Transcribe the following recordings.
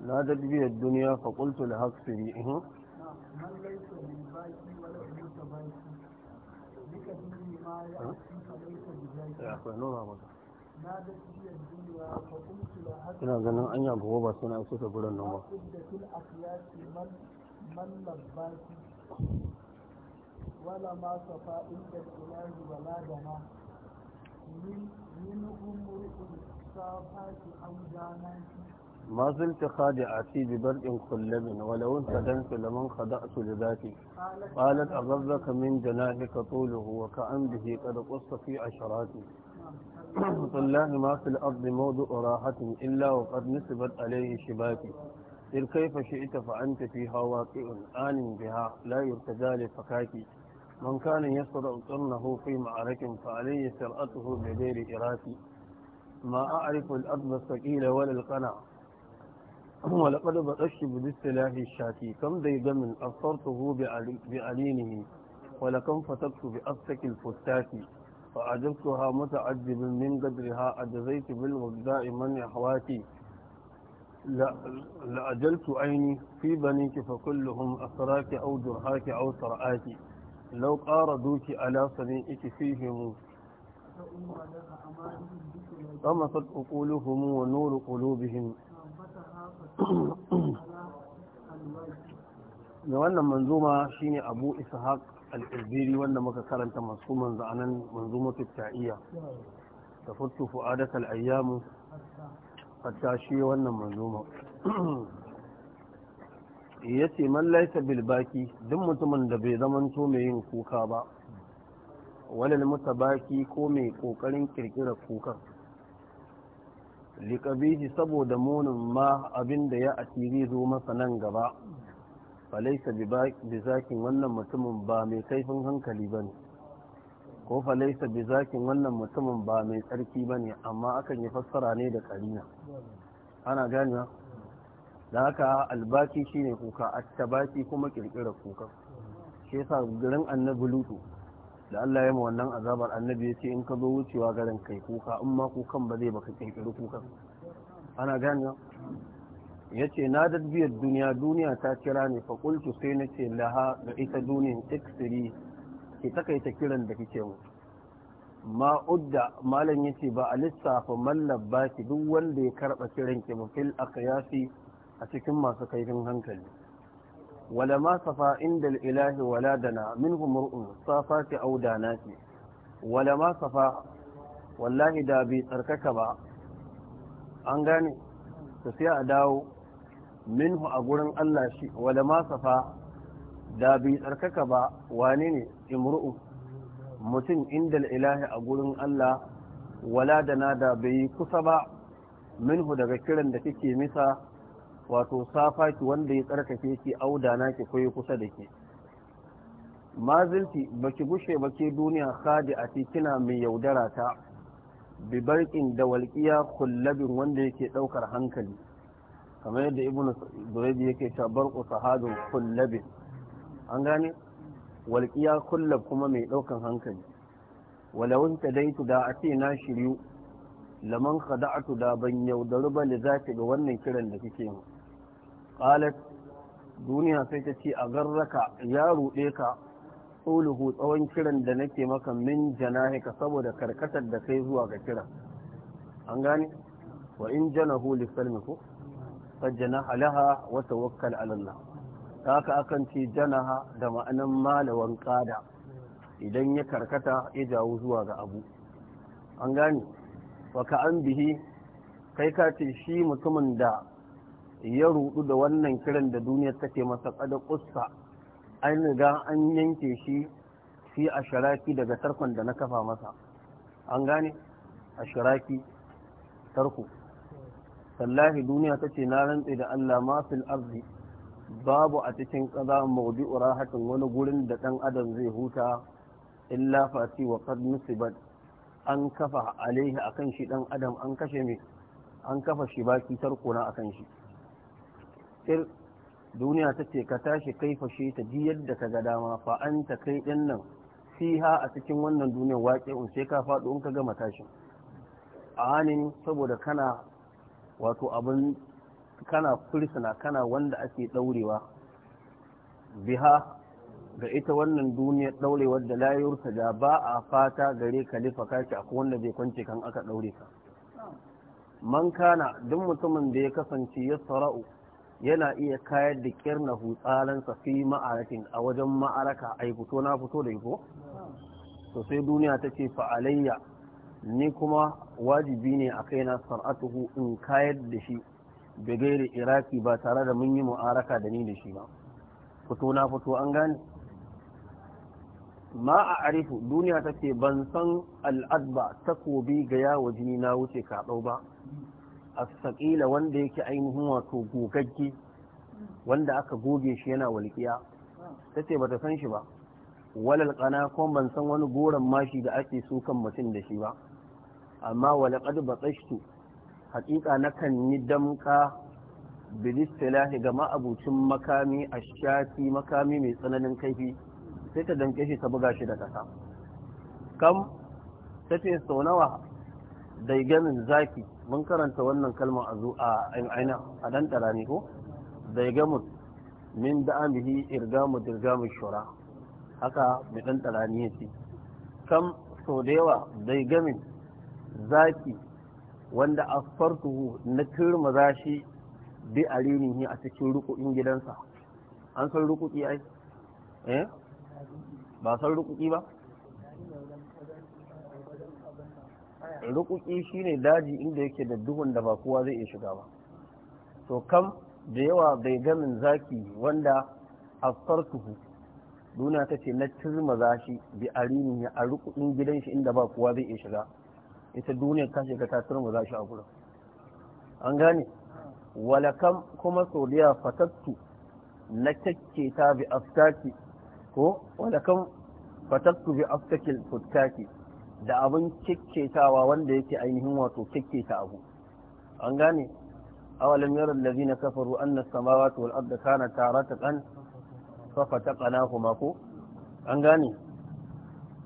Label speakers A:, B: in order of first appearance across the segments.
A: لا تجبي الدنيا فقلت لحق سريعه
B: ina ganin anya gobe ba suna su ta gudun nan ba wala ma safa inda ilahi wala
A: ما زلت خادعتي ببرء خلب ولو انفدنت لمن خدعت لذاتي قالت أغرك من جناحك طوله وكعمده قد قص في عشراتي والله ما في الأرض موضع راحة إلا وقد نسبت عليه شباكي إذ كيف شئت فأنت فيها واقع آن بها لا يرتجى لفكاكي من كان يسرع قرنه في معرك فعليه سرأته بغير إراتي ما أعرف الأرض الثقيلة ولا القناع ولقد بطشت بالسلاح الشاتي كم ذي دم أصرته بعلينه ولكم فتكت بأفسك الفتاتي فأعجبتها متعجب من قدرها أجزيت بالوجداء من أحواتي لأجلت عيني في بنيك فكلهم أسراك أو جرهاك أو سرعاك لو قاردوك على صنيئك فيهم طمست عقولهم ونور قلوبهم wannan manzuma shine abu ishaq al-irbiri wanda muka karanta masu manzanan manzuma fitaiya ta futtu fu'adak al-ayyamu hatta shi wannan manzuma yace man laysa bil baki duk mutumin da bai zamanto mai yin kuka ba walal mutabaki ko mai kokarin kirkirar kukan liƙabihi saboda munin ma abinda da ya asiri zo masa nan gaba falaisa bi zakin wannan mutumin ba mai kaifin hankali ba ne ko falaisa bi zakin wannan mutumin ba mai tsarki ba ne amma akan yi fassara ne da ƙarina ana ganiya da haka albaki shine kuka attabaki kuma ƙirƙirar kuka shi yasa garin annabi lutu da Allah ya ma wannan azabar annabi ya ce in ka zo wucewa garin kai kuka in ma kukan ba zai baka kirkiri kukan ana ganewa ya ce na dadbiyar duniya duniya ta kira ne kultu sai na ce laha da ita duniyan iksiri ki takaita kiran da kike mu ma udda malam yace ba a lissafa mallab ba ki duk wanda ya karba kiran ki ba fil a cikin masu kaifin hankali ولما صفى عند الإله ولادنا منه مرء صافات أو دانات ولما صفى والله دا بي تركك با أنغاني تسيا داو منه أقول الله شيء ولما صفى دا بي تركك با وانيني امرؤ mutum inda ilahi a gurin Allah wala da na da bai kusa ba minhu daga kiran da kike misa wato safa ki wanda ya tsarkake ki auda na ki koyi kusa da ke mazilti baki gushe baki duniya khadi a kina mai yaudara ta bi barkin da walƙiya kullabin wanda yake ɗaukar hankali kamar yadda ibnu durabi yake ta barku sahadu kullabin an gane walƙiya kullab kuma mai ɗaukan hankali walawun ta daitu da a ce na shiryu laman khada'atu da ban yaudaru ba ne zafi ga wannan kiran da kike yi. qalat duniya sai ta ce a garraka ya ruɗe ka tsuluhu tsawon kiran da nake maka min janahika saboda karkatar da kai zuwa ga kiran an gane wa in janahu li salmiku fajjanaha laha wa tawakkal ala Allah haka akan ce janaha da ma'anan malawan qada idan ya karkata ya jawo zuwa ga abu an gane wa an bihi kai ka ce shi mutumin da ya rudu da wannan kiran da duniya take masa kada kussa an riga an yanke shi fi a sharaki daga tarkon da na kafa masa an gane a sharaki tarko tallahi duniya ta ce na rantse da Allah ma arzi babu a cikin kaza mawdi'u urahatin wani gurin da dan adam zai huta illa fati wa qad nusibat an kafa alaihi akan shi dan adam an kashe me an kafa shi baki tarko na akan shi faftir duniya ta ce ka tashi kai fashe ta ji yadda ka ga dama fa an ta kai din nan fiha a cikin wannan duniyar waƙe un sai ka faɗo in ka gama tashin a hanin saboda kana wato abin kana fursuna kana wanda ake ɗaurewa biha ga ita wannan duniyar ɗaurewar da ta da ba a fata gare ka lifa kashi a wanda bai kwance kan aka ɗaure ka man kana duk mutumin da ya kasance ya sara'u yana iya kayar da kirna hutsalansa fi ma'arakin a wajen ma'araka a fito na fito da ko to sai duniya ta ce fa'alayya ni kuma wajibi ne a kaina sar'atuhu in kayar da shi da gairi iraki ba tare da mun yi mu'araka da ni da shi ba fito na fito an gane ma a arifu duniya ta ce ban san al'adba takobi ga yawo jini na wuce kaɗau ba as wanda yake ainihin wato gogagge wanda aka goge shi yana walƙiya tace bata san shi ba walal qana ko ban san wani goran mashi da ake so kan mutum da shi ba amma ba batashtu haƙiƙa kan yi damka bilistilahi ga ma'abucin makami a shafi makami mai tsananin kaifi sai ta danke shi ta buga shi da ƙasa kam ta ce sau nawa zaki mun karanta wannan kalmar a zuwa aina a dan ne ko da ya gamu min da amihi irgamu dirgamu shura haka mai dan ya yace kam so da yawa da gami zaki wanda asfartuhu na turmaza shi bi alinihi a cikin rukukin gidansa an san rukuki ai eh ba san rukuki ba rukuki shine daji inda yake da duhun da ba kowa zai iya shiga ba to kam da yawa bai gamin zaki wanda asfartuhu duna ta ce na turmaza shi bi arini a rukukin gidan shi inda ba kowa zai iya shiga ita duniya ta shiga ta turmaza shi a gurin an gane Wala kam kuma sodiya fatattu na kyakke ta bi aftaki ko Wala kam fatattu bi aftakil futtaki da abin kekketawa wanda yake ainihin wato kekketa abu an gane awalin yara na kafaru an na samawa wato wal'adda kana tara ta kan fafa ta kana kuma ko an gane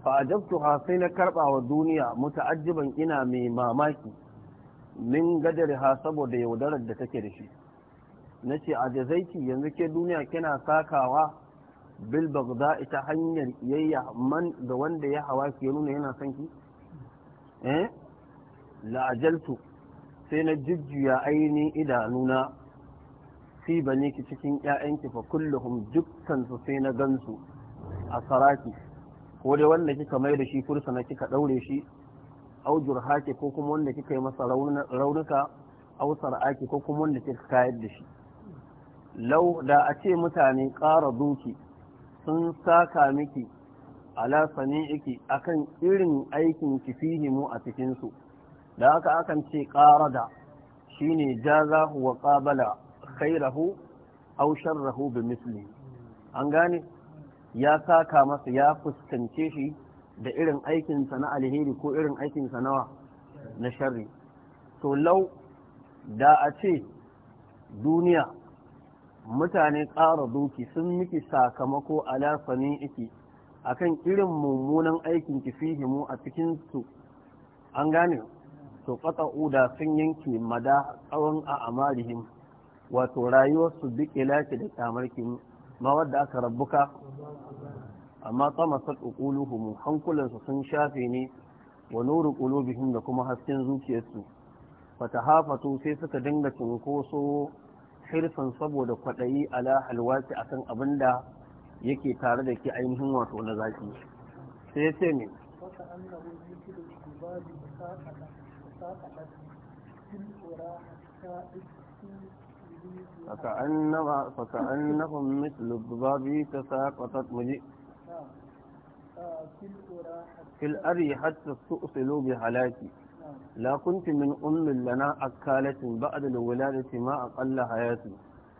A: fa'ajabtu ha sai na karɓa wa duniya muta'ajjiban ina mai mamaki min gadar ha saboda yaudarar da take da shi na ce a jazaiki yanzu ke duniya kina sakawa bil bagda ita hanyar yayya man ga wanda ya hawa ki nuna yana son ki eh la ajaltu sai na jujjuya ainihin idanuna fi bane ki cikin ƴaƴanki fa kulluhum dukkan su sai na gansu a saraki ko dai wanda kika mai da shi na kika daure shi au jurhaki ko kuma wanda kika yi masa raunuka au sar'aki ko kuma wanda kika kayar da shi lau da a ce mutane ƙara duki sun saka miki ala sani'iki akan irin aikin kifihi mu a cikinsu da haka akan ce ƙarada shine jazahu wa qabala khairahu aw sharrahu bi misli an gane ya saka masa ya fuskance shi da irin aikin sa na alheri ko irin aikin sa nawa na sharri to lau da a ce duniya mutane ƙara doki sun miki sakamako ala iki akan irin mummunan aikin ki fihimu a cikin su an gane to fata uda sun yanke mada tsawon a amarihim wato rayuwarsu duk ilaki da kyamarki ma wadda aka rabbuka amma tsamasar mu hankulansu sun shafe ne wa nuru qulubihim da kuma hasken zuciyarsu fata hafatu sai suka dinga cinkoso kirfan saboda kwaɗayi a halwaci a kan abin da yake tare da ke ainihin wato na zaki sai ce ne faka annaba mislu babi ta saƙatat muji fil ari hatta su usulu bi halaki لا كنت من أم لنا أكالة بعد الولادة ما أقل حياتي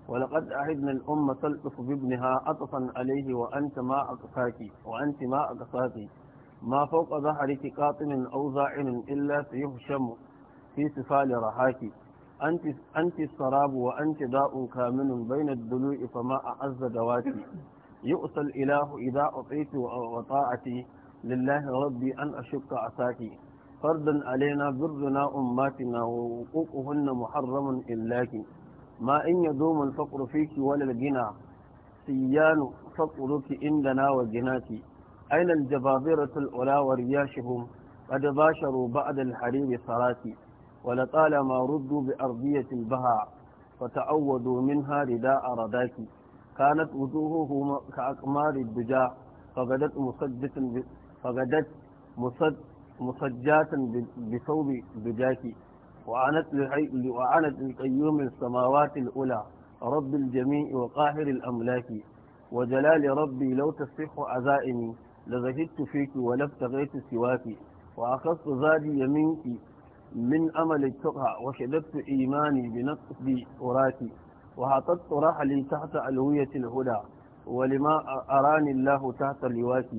A: ولقد أعدنا الأم تلطف بابنها أطفا عليه وأنت ما أقصاك وأنت ما أقصاك ما فوق ظهرك قاطن أو زاعن إلا سيهشم في سفال رحاك أنت, أنت السراب وأنت داء كامن بين الدلوء فما أعز دواتي يؤسى الإله إذا أطيت وطاعتي لله ربي أن أشك عساكي فردا علينا برنا أماتنا وحقوقهن محرم إلاك ما إن يدوم الفقر فيك ولا الجنى سيان فقرك عندنا وجناك أين الجبابرة الأولى ورياشهم قد باشروا بعد الحرير صراتي ولطالما ردوا بأرضية البهاء فتعودوا منها رداء رداك كانت وجوههم كأقمار الدجا فغدت مسدس فغدت مسد مسجات بثوب دجاك وعنت وعنت لقيوم السماوات الأولى رب الجميع وقاهر الأملاك وجلال ربي لو تصح عزائمي لزهدت فيك ولا ابتغيت سواك وأخذت زادي يمينك من أمل التقى وشددت إيماني بنقص أراك وحطت رحلي تحت ألوية الهدى ولما أراني الله تحت لواك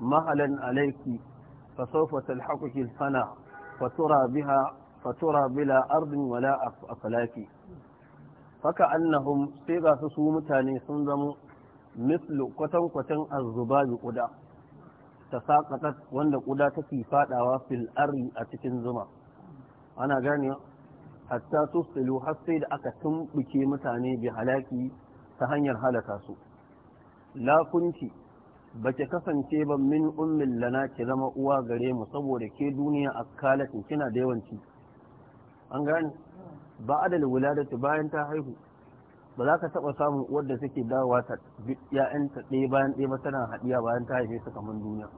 A: مهلا عليك فسوف تلحقك الفنا فترى بها فترى بلا أرض ولا أفلاك فكأنهم صيغة سسو متاني سنزموا مثل قتن قتن الزباب قدا تساقطت وند قدا تكي فادوا في الأرض أتكن زما أنا جاني حتى تصلوا حسيد أكتم da aka tumbuke mutane bi halaki ta ba ki kasance ba min ummin lana ki zama uwa gare mu saboda ke duniya a kalatin kina da yawanci an gane ba wula wuladatu bayan ta haihu ba za ka taɓa samun wadda suke dawowa ta ya'yanta ɗaya bayan ɗaya ba tana haɗiya bayan ta haife su kamar duniya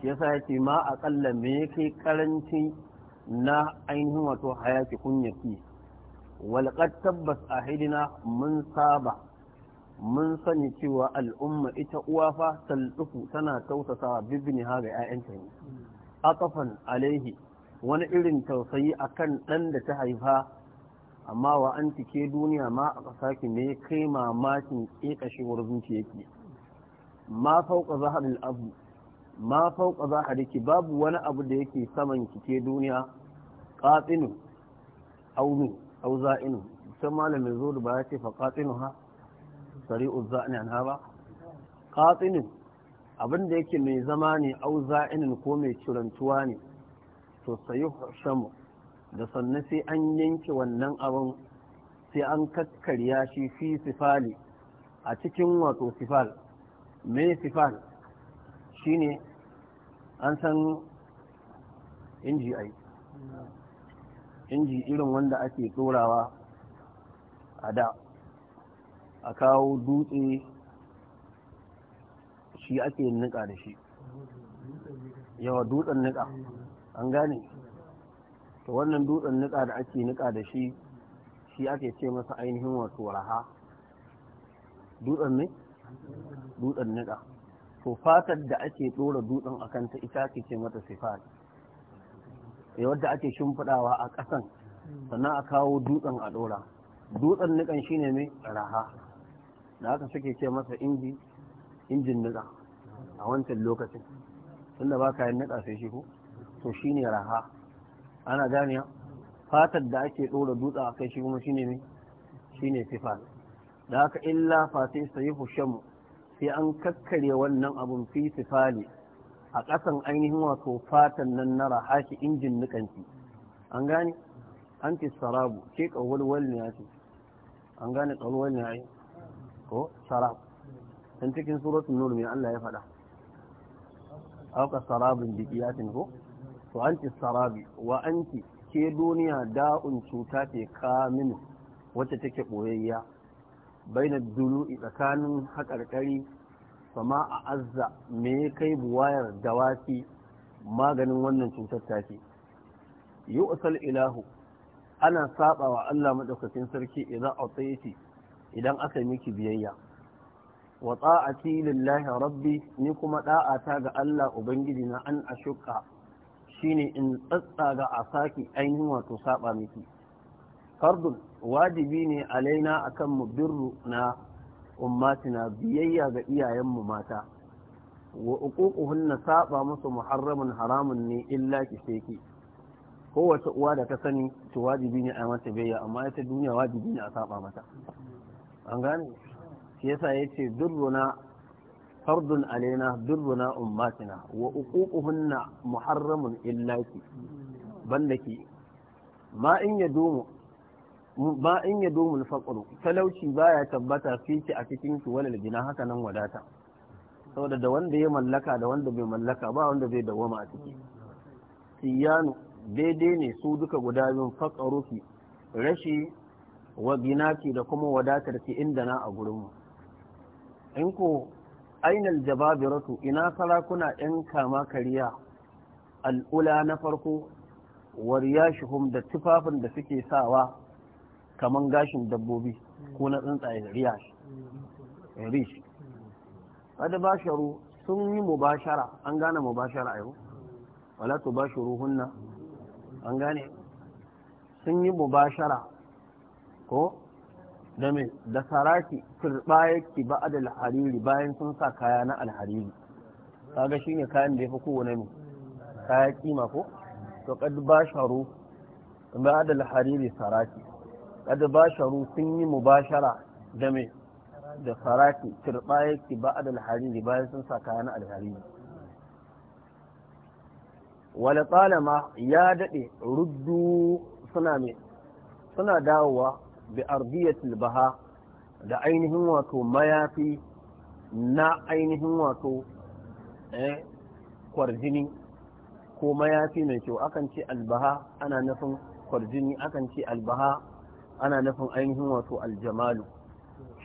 A: shi yasa yake ma aƙalla me kai karanci na ainihin wato hayaki kunyaki walƙar tabbas a hidina mun saba mun sani cewa al'umma ita uwa fa taldufu tana tausasa bibni ha ga 'ya'yanta ne aqafan alaihi wani irin tausayi akan dan da ta haifa amma wa an ke duniya ma a kasaki ne kai mamakin kekashewar ke ma fauka zaharil abu ma fauka zahariki babu wani abu da yake saman kike duniya qatinu aunu auza'inu sai malamin zo da ba ya ce fa ha sari'u za'ani an haba qatinin abinda yake mai zama ne au za'inin ko mai cirantuwa ne to sayu shamu da sannan sai an yanke wannan abin sai an kakkarya shi fi sifali a cikin wato sifal me sifal shine an san inji ai inji irin wanda ake tsorawa a da a kawo dutse shi ake nika da shi yawa dutsen nika an gane to wannan dutsen nika da ake nika da shi shi ake ce masa ainihin wato raha dutsen ne dutsen nika to fatar da ake tsoron dutsen a kanta ita ake ce mata sifat ya eh, wadda ake shimfiɗawa a ƙasan sannan a kawo dutsen a ɗora dutsen nikan shine mai raha da haka suke ce masa inji injin niƙa a wancan lokacin tunda ba kayan niƙa sai shi ko to shi ne raha ana ganiya fatar da ake ɗora dutsa a kai shi kuma shi ne ne shi ne sifal da haka illa fati sai hushamu sai an kakkare wannan abun fi fifali. a ƙasan ainihin wato fatan nan na raha shi injin niƙanki an gane an ce sarabu ce ƙawalwal ne ya ce an gane ƙawalwal ne ya ko sarab cikin surat nur mai Allah ya faɗa auka sarabin biqiyatin ko to sarabi wa ci ke duniya da'un cuta ce kamin wacce take Bai baina dulu'i tsakanin haƙarƙari sama a azza me kai buwayar dawaki maganin wannan cutar ta ce yi usal ilahu ana saba wa Allah maɗaukacin sarki idan a idan aka yi miki biyayya wa ta'ati lillahi rabbi ni kuma da'ata ga Allah ubangiji na an ashuka shine in tsatsaga a saki ainihin wato saba miki fardun wajibi ne alaina akan mu birru na ummatina biyayya ga iyayenmu mata wa uququhunna saba musu muharramun haramun ne illa ki kowace uwa da ta sani to wajibi ne a mata biyayya amma ita duniya wajibi ne a saba mata an gane shi yasa yace durruna fardun alaina durruna ummatina wa uququhunna muharramun illaki bandaki ma in ba in ya domin faƙuru talauci baya tabbata fice a cikin ki walal gina haka nan wadata saboda da wanda ya mallaka da wanda bai mallaka ba wanda zai dawama a ciki siyanu daidai ne su duka guda biyun faƙaruki rashi wa ginaki da kuma wadatar ki inda na a gurinmu in ko ainal jababiratu ina sarakuna yan kama kariya al'ula na farko wariyashuhum da tufafin da suke sawa kaman gashin dabbobi ko na tsuntsaye riyash rish kada basharu sun yi mubashara an gane mubashara yau wala tubashiruhunna an gane sun yi mubashara ko da da saraki turba yake ba adal hariri bayan sun sa kaya na alhariri kaga shine kayan da fi kowane ne kaya kima ko to kad sharu ba adal hariri saraki kad sharu sun yi mubashara da me da saraki turba yake ba adal hariri bayan sun sa kaya na alhariri wala tsalama ya dade ruddu suna me suna dawowa bi ardiyatil baha da ainihin wato mayafi na ainihin wato eh, kwarjini ko mayafi mai kyau akan ce albaha ana nufin kwarjini akan ce albaha ana nufin ainihin wato aljamalu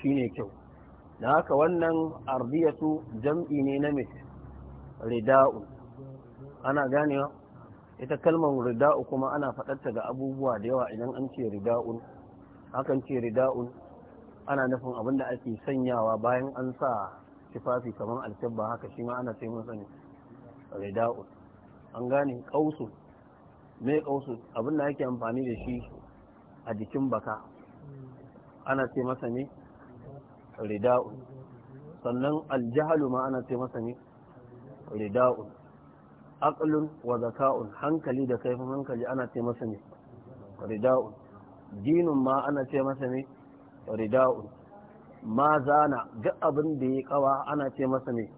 A: shine kyau da haka wannan ardiyatu jam'i ne na mai rida'u ana ganewa ita kalmar rida'u kuma ana faɗarta ga abubuwa da yawa idan an ce rida'u hakan ce rida'un ana nufin abin da ake sanyawa bayan an sa tufafi kamar alkyabba haka shi ma ana sai mun sani rida'un an gane kausu mai kausu abin da ake amfani da shi a jikin baka ana sai masa ne rida'un sannan aljahalu ma ana sai masa ne rida'un aqlun wa zaka'un hankali da kaifin hankali ana sai masa ne rida'un Dinin ma ana ce masa ne rida'u ma zana duk abin da ya kawa ana ce masa ne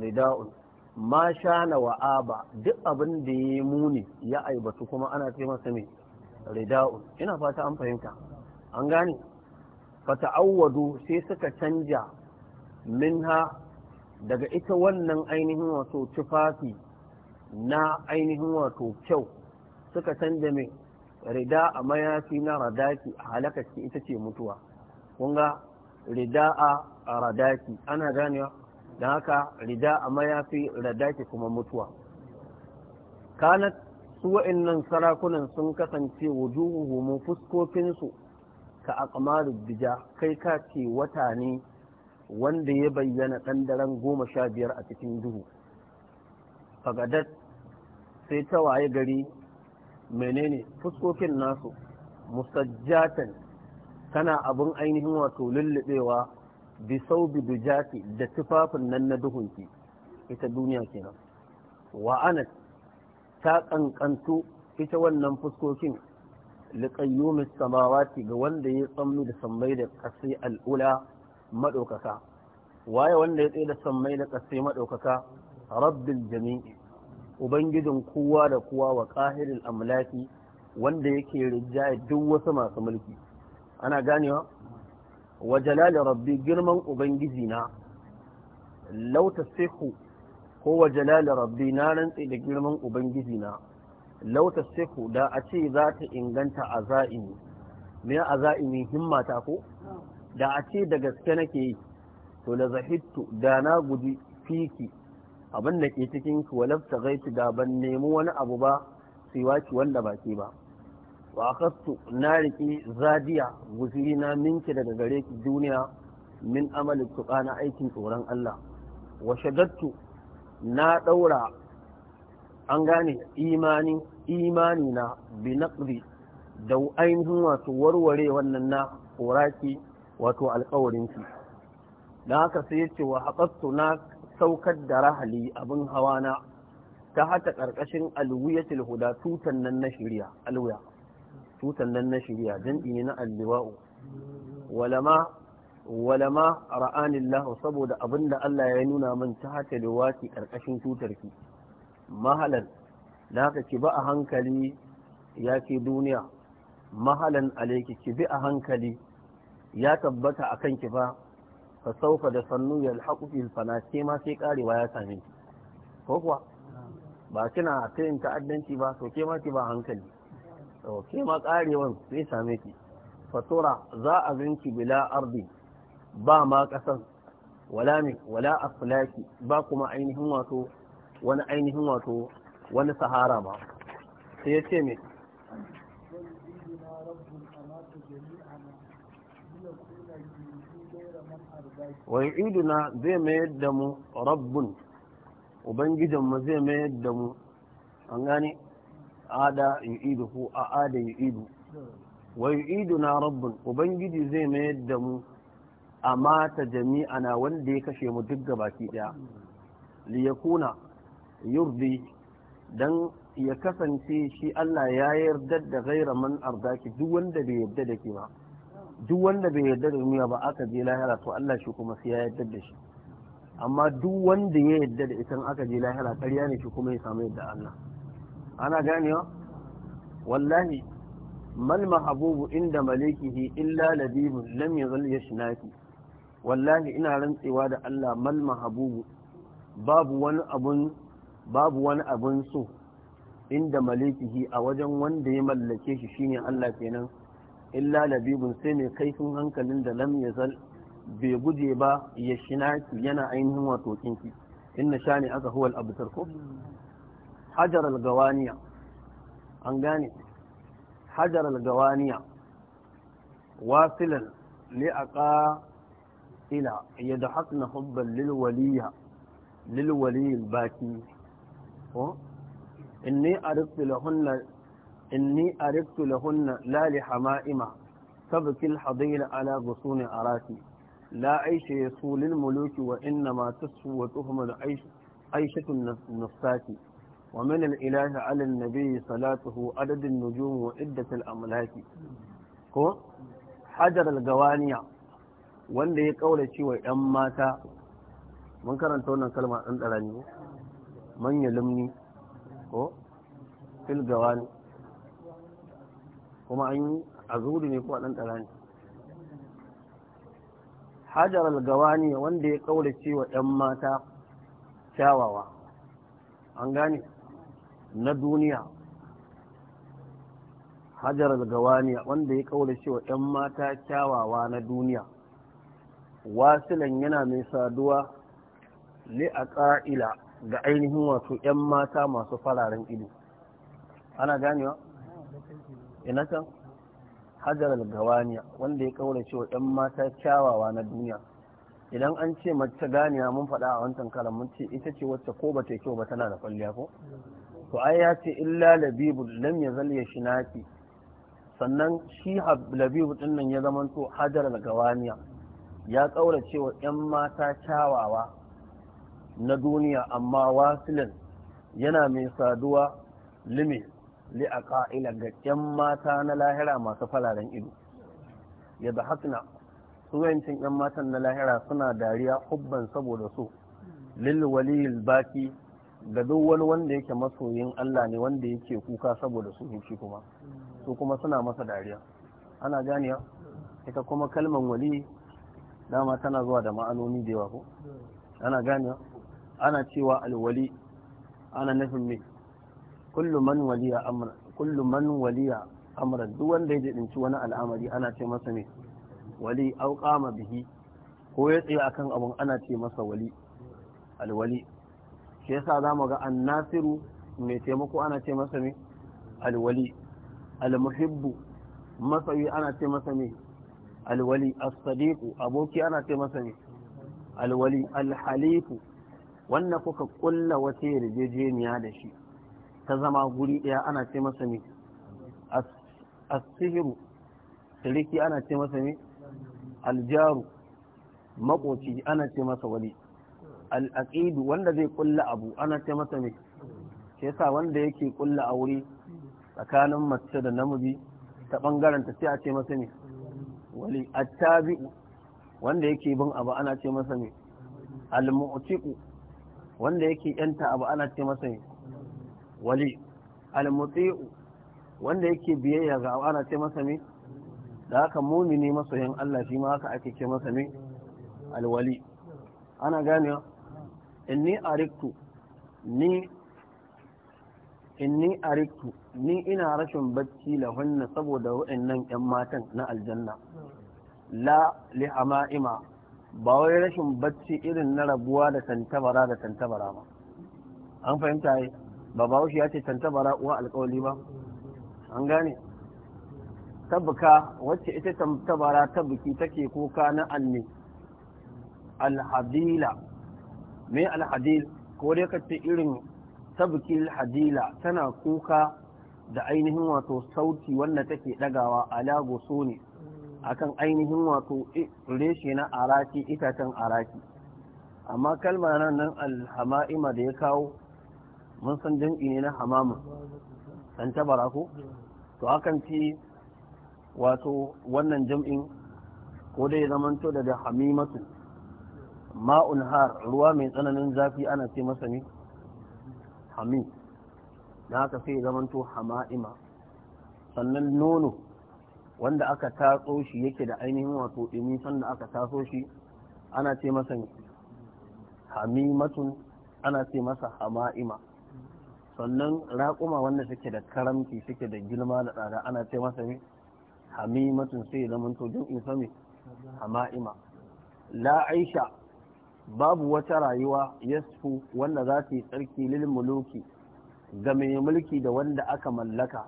A: rida'u ma shana wa'aba aba duk abin da ya muni ya aibatu kuma ana ce masa ne rida'u ina fata an fahimta an gane auwado sai suka canja minha daga ita wannan ainihin wato tufafi na ainihin wato kyau suka canja mai rida a mayafi na radaki a halakacci ita ce mutuwa kunga rida a radaki ana ganewa Da haka rida a mayafi radaki kuma mutuwa kanat su wa'annan sarakunan sun kasance wujuhuhumu fuskokinsu ka aqmaru bija kai ka ce wata ne wanda ya bayyana ɗan daren goma sha biyar a cikin duhu fagadat sai ta waye gari menene fuskokin nasu musajjatan tana abun ainihin wato lullubewa bi bi dujati da tufafin nan na duhunki ita duniya kenan wa ana ta kankanto ita wannan fuskokin liqayyumi samawati ga wanda ya tsammi da sammai da kasai al'ula madaukaka waye wanda ya tsaye da sammai da kasai madaukaka rabbin jami'i ubangijin kowa da kowa wa ƙahirin amlaki wanda yake rijjaye duk wasu masu mulki ana ganewa wa jalali rabbi girman ubangiji na lauta sihu ko wa jalali rabbi na rantse da girman ubangiji na lauta sihu da a ce za ta inganta a za'imi me a za'imi himmata ko da a ce da gaske nake yi to da zahittu da na guji fiki abin da ke cikin ki walaf ta gaitu da ban nemi wani abu ba sai waki wanda ba ke ba wa akastu na riƙe zadiya guziri na minki daga gare ki duniya min amalin tuƙa na aikin tsoron Allah wa shagattu na ɗaura an gane imani imani na bi naqdi da ainihin wato warware wannan na koraki wato ki da haka sai yace wa haƙastu na saukar da rahali abin hawa na ta hata ƙarƙashin alwiyatul huda tutan nan na shirya alwiya tutan nan na shirya jam'i ne na alliwa'u walama walama ra'anin lahu saboda abin da Allah ya nuna min ta hata liwaki ƙarƙashin ki mahalan da haka ki ba a hankali ya ke duniya mahalan alaiki ki bi a hankali ya tabbata akan ki ba. fa da sannu ya alhaqu fana sai ma sai karewa ya same ki ko kuwa ba kina tayin ta'addanci ba to ke ma ki ba hankali to ke ma karewan sai same ki fatura za a ganki bila ardi ba ma kasan wala min wala aflaki ba kuma ainihin wato wani ainihin wato wani sahara ba sai ya ce me wa iduna zai mayar da mu rabbun ubangijinmu zai mayar da mu an gane ada yu'idu ko a ada yu'idu wa rabbun ubangiji zai mayar da mu a mata jami'ana wanda ya kashe mu duk gabaki daya liyakuna yurdi dan ya kasance shi Allah ya yarda da gaira man ardaki duk wanda bai yarda da ke ba duk wanda bai yarda da duniya ba aka je lahira to Allah shi kuma sai ya yarda da shi amma duk wanda ya yarda da ita aka je lahira ƙarya ne shi kuma ya samu yadda Allah ana wa. wallahi mal mahabubu inda malikihi illa labibun lam yazal yashnaki wallahi ina rantsewa da Allah mal mahabubu babu wani abun babu wani abun so inda malikihi a wajen wanda ya mallake shi shine Allah kenan illa labibun sai mai kaifin hankalin da lam yazal bai guje ba ya shinaki yana ainihin wato kinki inna shani aka huwal abtar ko hajar al-gawaniya an gane hajar al-gawaniya wasilan li aqa ila yadhaqna hubban lil waliya lil waliy baki ko inni ariftu inni ariftu lahunna la li hama'ima tabkil hadira ala gusuni arati la aisha yasulil muluki wa inna ma tasu wa tuhmal aishatu nafsati wa min al ilahi ala an nabi salatuhu adadin an nujum wa iddat al amlaki ko hajar al wanda ya kaulace wa yan mata mun karanta wannan kalma ɗan ɗara ne man ya limni ko fil gawani kuma an yi a zuri ne ko a ɗanɗara ne hajar ne wanda ya kaura cewa ‘yan mata kyawawa an gane na duniya hajar ne wanda ya kaura cewa ‘yan mata kyawawa na duniya wasilan yana mai saduwa li a ƙa'ila ga ainihin wato ‘yan mata masu fararen ido ana ganewa ina can hajar gawaniya wanda ya kaura cewa ɗan mata kyawawa na duniya idan an ce mace ganiya mun faɗa a wancan karan mun ce ita ce wacce ko ba ta kyau ba tana da kwalliya ko to ai ya ce illa labibu lam yazal yashnaki sannan shi labibu din nan ya zama to hajar gawaniya ya kaura cewa ɗan mata kyawawa na duniya amma wasilin yana mai saduwa limit ƙa’ila ga 'yan mata na lahira masu fararen ido ya da hakna su 'yan matan na lahira suna dariya hubban saboda su lil waliyil baki ga duk wani wanda yake masoyin Allah ne wanda yake kuka saboda su shi kuma su kuma suna masa dariya ana ganiya ita kuma kalman wali dama tana zuwa da ma'anoni da yawa ko ana ganiya ana cewa alwali ana nufin mai kullu man waliya amra kullu man waliya amra duk wanda ya jidinci wani al'amari ana ce masa ne wali au qama bihi ko ya tsaya akan abun ana ce masa wali alwali shi yasa zamu ga annasiru mai taimako ana ce masa ne alwali almuhibbu masoyi ana ce masa ne alwali as sadiq aboki ana ce masa ne alwali alhalifu wannan kuka kulla wata yarjejeniya da shi ta zama guri ɗaya ana ce masa ne A sihiru, siriki ana ce masa ne aljaru makoci ana ce masa wali al'aqidu wanda zai kulla abu ana ce masa ne Ke sa wanda yake kulla wuri tsakanin mace da namiji ta ɓangaren ta ce a ce masa ne wali attabi'u wanda yake bin abu ana ce masa ne al wanda yake yanta abu ana ce masa ne wali almuti'u wanda yake biyayya ga ana ce masa me da haka mumini masoyin Allah shi ma haka ake ce masa me alwali ana gane inni ariktu ni inni ariktu ni ina rashin bacci hunna saboda wa'annan ƴan matan na aljanna la li ama'ima ba wai rashin bacci irin na rabuwa da tantabara da tantabara ba an fahimta yi ba bahaushe ya ce tantabara uwa alkawali ba an gane tabbuka wacce ita tantabara tabbuki take kuka na anni alhadila me alhadil ko dai kace irin tabbuki alhadila tana kuka da ainihin wato sauti wanda take dagawa ala goso ne akan ainihin wato reshe na araki itacen araki amma kalmar nan nan alhama'ima da ya kawo mun san jam'i ne na hamamun san tabara ko to akan ci wato wannan jam'in ko dai to daga hamimatu ma'un har ruwa mai tsananin zafi ana ce masa ne hami na haka sai to hama'ima sannan nono wanda aka tatso shi yake da ainihin wato ɗumi sanda aka taso shi ana ce masa hamimatun ana ce masa hama'ima sannan raƙuma wanda suke da karamci suke da girma da tsada ana ce masa ne hamimatun sai zaman tojin jin ne amma ima la aisha babu wata rayuwa yasfu wanda za ta yi tsarki lil muluki ga mai mulki da wanda aka mallaka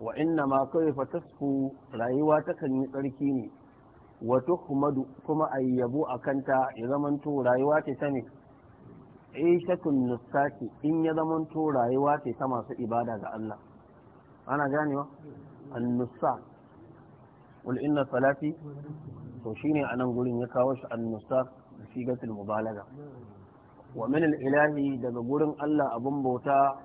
A: wa inna ma kawai fa tasfu rayuwa ta kan yi tsarki ne wa tuhmadu kuma a akanta ya zamanto rayuwa ce ta ne ishatun eh, nusaki in ya to rayuwa ce ta masu ibada ga Allah ana ganewa annusa wal inna salati to shine anan gurin ya kawo shi annusa da sigatul mubalaga wa min al ilahi daga gurin Allah abun bauta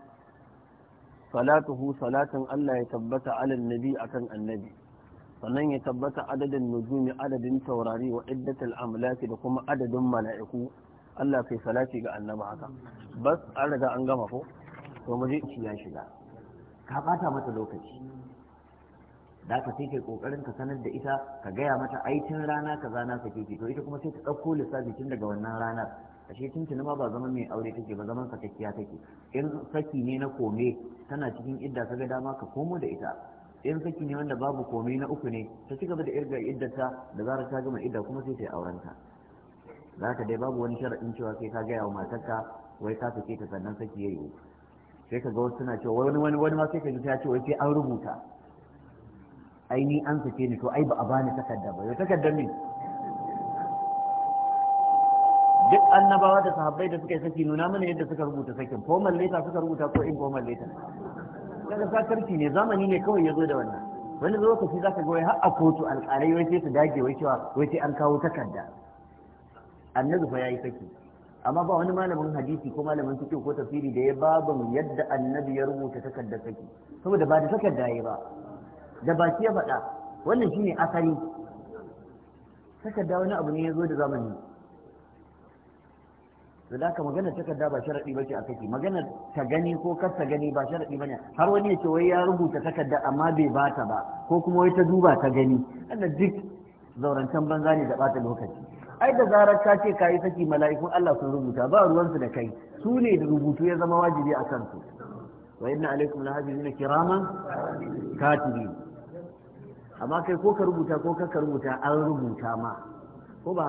A: salatuhu salatin Allah ya tabbata alal nabi akan annabi sannan ya tabbata adadin nujumi adadin taurari wa iddatul amlaki da kuma adadin mala'iku Allah kai salati ga annaba haka bas an
C: riga an gama ko to mu je ya shiga ka bata mata lokaci da ka sai kai kokarin ka sanar da ita ka gaya mata aikin rana ka zana ka ki to ita kuma sai ta dauko lissafi tun daga wannan ranar ashe tuntuni ma ba zaman mai aure take ba zaman sakakkiya take in saki ne na kome tana cikin idda ka ga dama ka komo da ita in saki ne wanda babu kome na uku ne ta ci gaba da irga iddarta da zarar ta gama idda kuma sai ta yi aurenta za ka dai babu wani sharaɗin cewa sai ka gaya wa matarka wai ka fice ta sannan saki ya yiwu sai ka ga wasu suna cewa wani wani wani ma sai ka ji ta ce wai sai an rubuta ai ni an sake ni to ai ba a bani takarda ba yau takardar ne duk annabawa da sahabbai da suka yi saki nuna mana yadda suka rubuta sakin formal letter suka rubuta ko in formal letter kaga sakarci ne zamani ne kawai ya zo da wannan wani lokaci za ka ga wai har a kotu alƙalai wai sai su dage wai cewa wai sai an kawo takarda annabi fa yayi saki amma ba wani malamin hadisi ko malamin fiqh ko tafsiri da ya babu yadda annabi ya rubuta takardar saki saboda ba da takarda yayi ba da baki ya faɗa wannan shine asali takarda wani abu ne ya zo da zamani da ka maganar takarda ba sharaɗi ba ce a saki maganar ta gani ko kar ta gani ba sharaɗi ba ne har wani ya ce wai ya rubuta takarda amma bai bata ba ko kuma wai ta duba ta gani wannan duk zaurantan banza ne da bata lokaci ai da zarar ka ce ka yi saki mala'ikun Allah sun rubuta ba ruwansu da kai su ne da rubutu ya zama wajibi a kan su wa inna alaikum lahafizina kiraman katibin amma kai ko ka rubuta ko ka rubuta an rubuta ma ko ba